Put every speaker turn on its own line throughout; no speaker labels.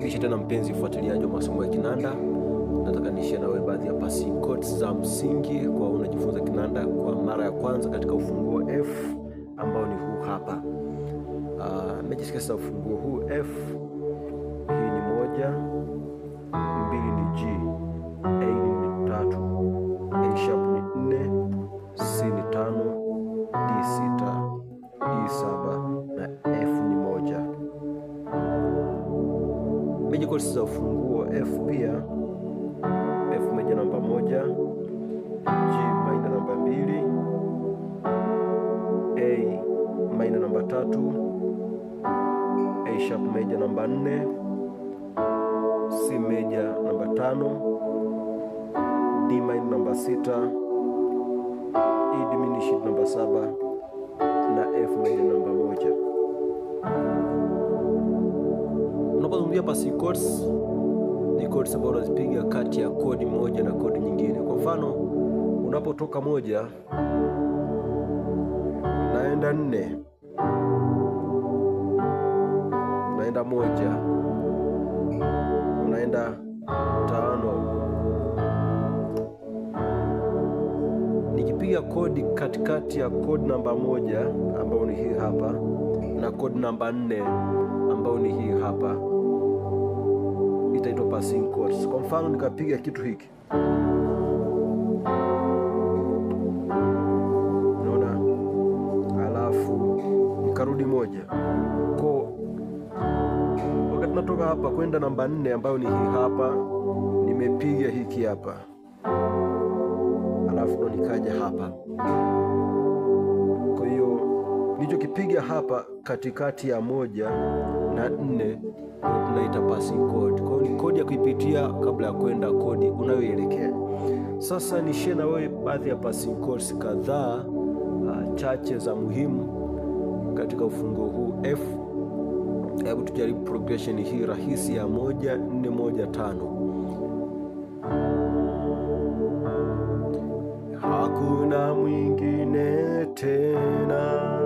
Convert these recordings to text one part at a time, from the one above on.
Nakaribisha tena mpenzi mfuatiliaji wa masomo ya kinanda. Nataka niishie na wewe baadhi ya passing chords za msingi kwa unajifunza kinanda kwa mara ya kwanza katika ufunguo F ambao ni huu hapa. Uh, sasa ufunguo huu F. Hii ni moja, mbili ni G, A ni tatu, A sharp ni nne, C ni tano, D sita, E saba chords za ufunguo F pia F meja namba moja, G maina namba mbili, A maina namba tatu, A sharp meja namba nne, C meja namba tano, D maina namba sita, E diminished namba saba na F meja namba moja. Tunapozungumzia passing chords, ni chords ambazo unazipiga kati ya kodi moja na kodi nyingine. Kwa mfano, unapotoka moja naenda nne, unaenda moja, unaenda tano. Nikipiga kodi katikati ya kodi namba moja ambayo ni hii hapa na kodi namba nne ambayo ni hii hapa itaitwa passing chords. Kwa mfano nikapiga kitu hiki, unaona, alafu nikarudi moja ko, wakati natoka hapa kwenda namba nne ambayo ni hii hapa, nimepiga hiki hapa, alafu ndo nikaja hapa. Kwa hiyo nilichokipiga hapa katikati ya moja na nne tunaita passing code. Kwa hiyo ni kodi ya kuipitia kabla ya kwenda kodi unayoelekea. Sasa ni share na wewe baadhi ya passing codes kadhaa uh, chache za muhimu katika ufunguo huu F. Hebu tujaribu progression hii rahisi ya moja nne moja tano. Hakuna mwingine tena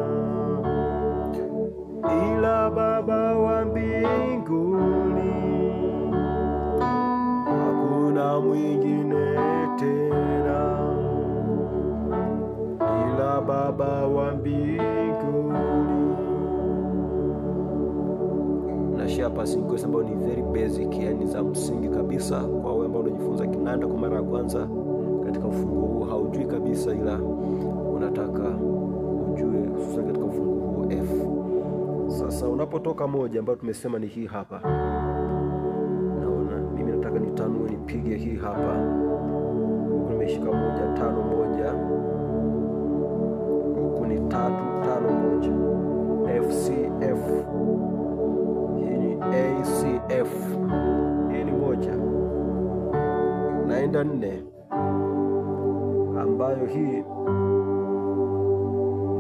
course ambayo ni very basic, yani za msingi kabisa kwa wewe ambao unajifunza kinanda kwa mara ya kwanza katika ufunguo huu, haujui kabisa, ila unataka ujue, hususan katika ufunguo huu F. Sasa unapotoka moja ambayo tumesema ni hii hapa, naona mimi nataka nitanue, nipige hii hapa, nimeshika moja tano moja na nne ambayo hii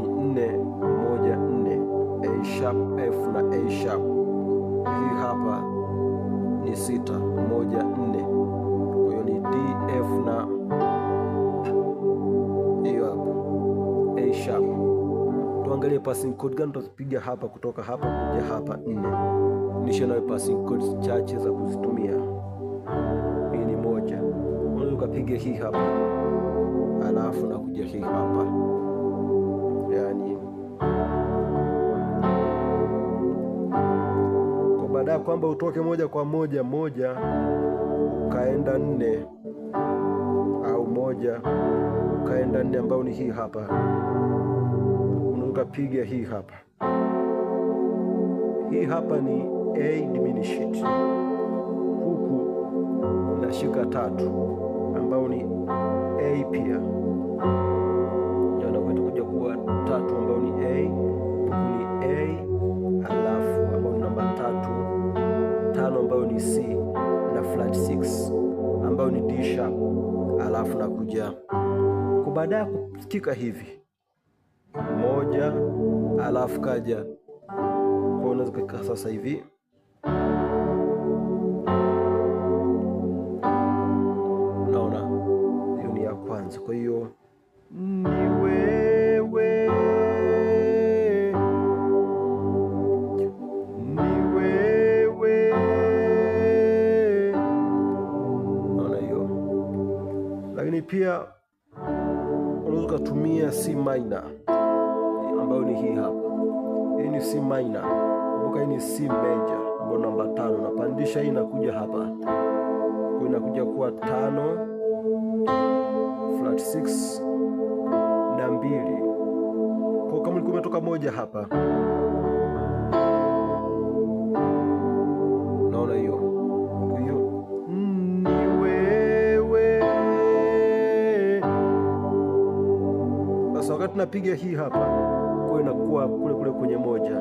ni nne moja nne A sharp F na A sharp. Hii hapa ni sita moja nne, kwa hiyo ni D F na hiyo hapa A sharp. Tuangalie passing chord gani tutapiga hapa, kutoka hapa kuja hapa nne. Nishe passing chords chache za kuzitumia ukapiga hii hapa, alafu nakuja hii hapa, yani. kwa baada ya kwamba utoke moja kwa moja moja ukaenda nne au moja ukaenda nne ambayo ni hii hapa, ukapiga hii hapa. Hii hapa ni A diminished, huku nashika tatu pia ndio kuja kuwa tatu ambayo ni A, ni A alafu ambayo ni namba tatu, tano ambayo ni C na flat 6 ambayo ni D sharp alafu na kuja kwa baada ya kusikika hivi moja alafu kaja kwa unaweza kukaa sasa hivi Kwa hiyo ni wewe, ni wewe. Naona hiyo, lakini pia unaweza ukatumia C minor ambayo ni hii hapa. Hii ni C minor, kumbuka hii ni C major ambayo namba tano, napandisha hii inakuja hapa, kwa inakuja kuwa tano flat 6 na mbili. Kwa kama ulikuwa umetoka moja hapa, naona hiyo hiyo mm, ni wewe. Sasa wakati napiga hii hapa, kwa inakuwa kule kule kwenye moja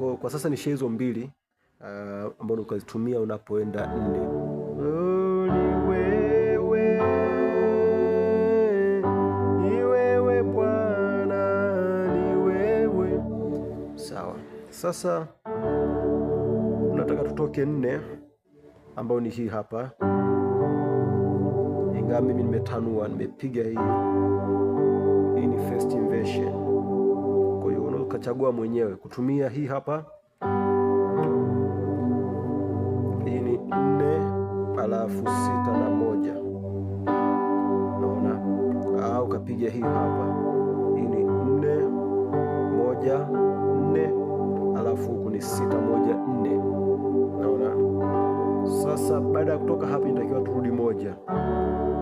Kwa, kwa sasa ni shezo hizo mbili uh, uh, ukazitumia unapoenda nne. Bwana, Sawa, sasa unataka tutoke nne ambayo ni hii hapa, ingawa mimi nimetanua, nimepiga hii. Hii ni first inversion ukachagua mwenyewe kutumia hii hapa. Hii ni nne alafu sita na moja, naona au ukapiga hii hapa. Hii ni nne moja nne alafu huku ni sita moja nne, naona. Sasa baada ya kutoka hapa, inatakiwa turudi moja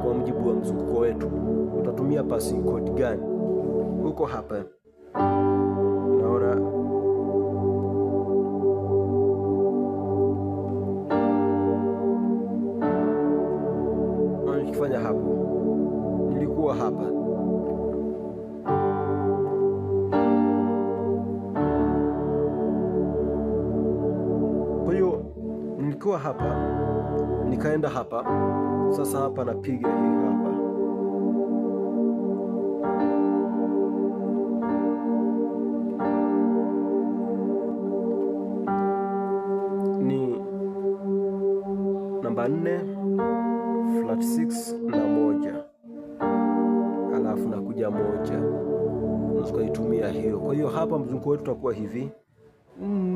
kwa mjibu wa mzunguko wetu. Utatumia passing chord gani? Huko hapa hapa nikaenda hapa, sasa hapa napiga hii hapa, ni namba nne flat 6 na moja, alafu nakuja moja, unaweza hiyo. Kwa hiyo hapa mzunguko wetu utakuwa hivi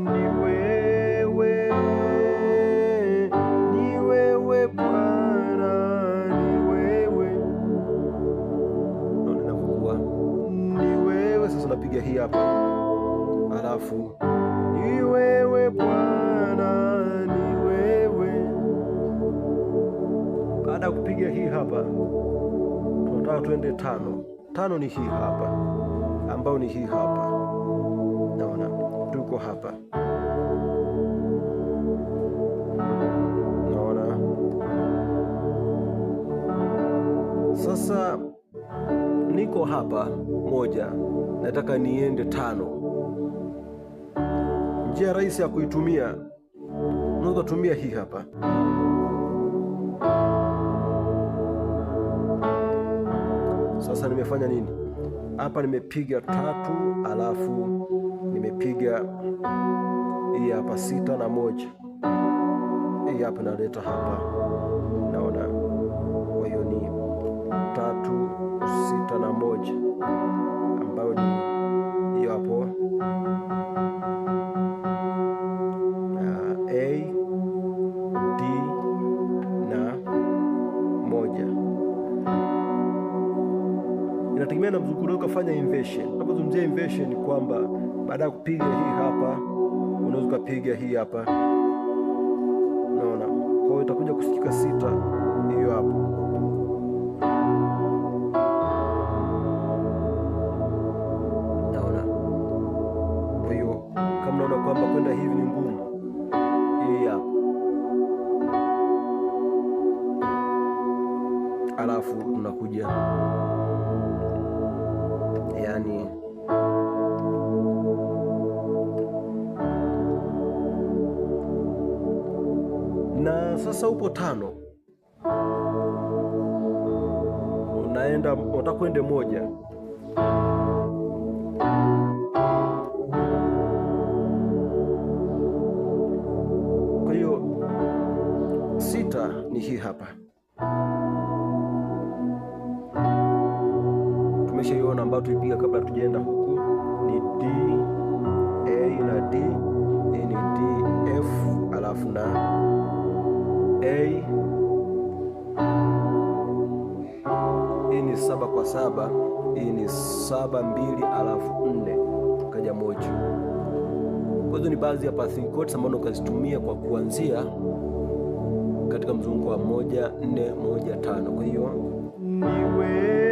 niwe hapa, alafu ni wewe Bwana, ni wewe. Baada ya kupiga hii hapa, tunataka tuende tano. Tano ni hii hapa, ambayo ni hii hapa, naona tuko hapa naona sasa niko hapa moja, nataka niende tano. Njia rahisi ya kuitumia, unaweza tumia hii hapa. Sasa nimefanya nini hapa? Nimepiga tatu, alafu nimepiga hii hapa sita na moja, hii hapa naleta hapa, naona. Kwa hiyo ni tatu sita na moja ambayo ni hiyo hapo A D na moja. Inategemea na mzunguko ukafanya inversion. Unapozungumzia inversion ni kwamba baada ya kupiga hii hapa unaweza ukapiga hii hapa, unaona. Kwa hiyo itakuja kusikika sita hiyo hapo. unaona kwamba kwenda hivi ni ngumu. Hii alafu unakuja yani na sasa upo tano, unaenda utakwende moja ni hii hapa, tumeshaiona ambayo tuipiga kabla tujaenda huku, ni D A na D, A ni D F alafu na A. Hii ni saba kwa saba, hii ni saba mbili alafu nne kaja moja. Kwa hizo ni baadhi ya passing chords ambazo ukazitumia kwa kuanzia katika mzunguko wa moja nne moja tano. Kwa hiyo niwe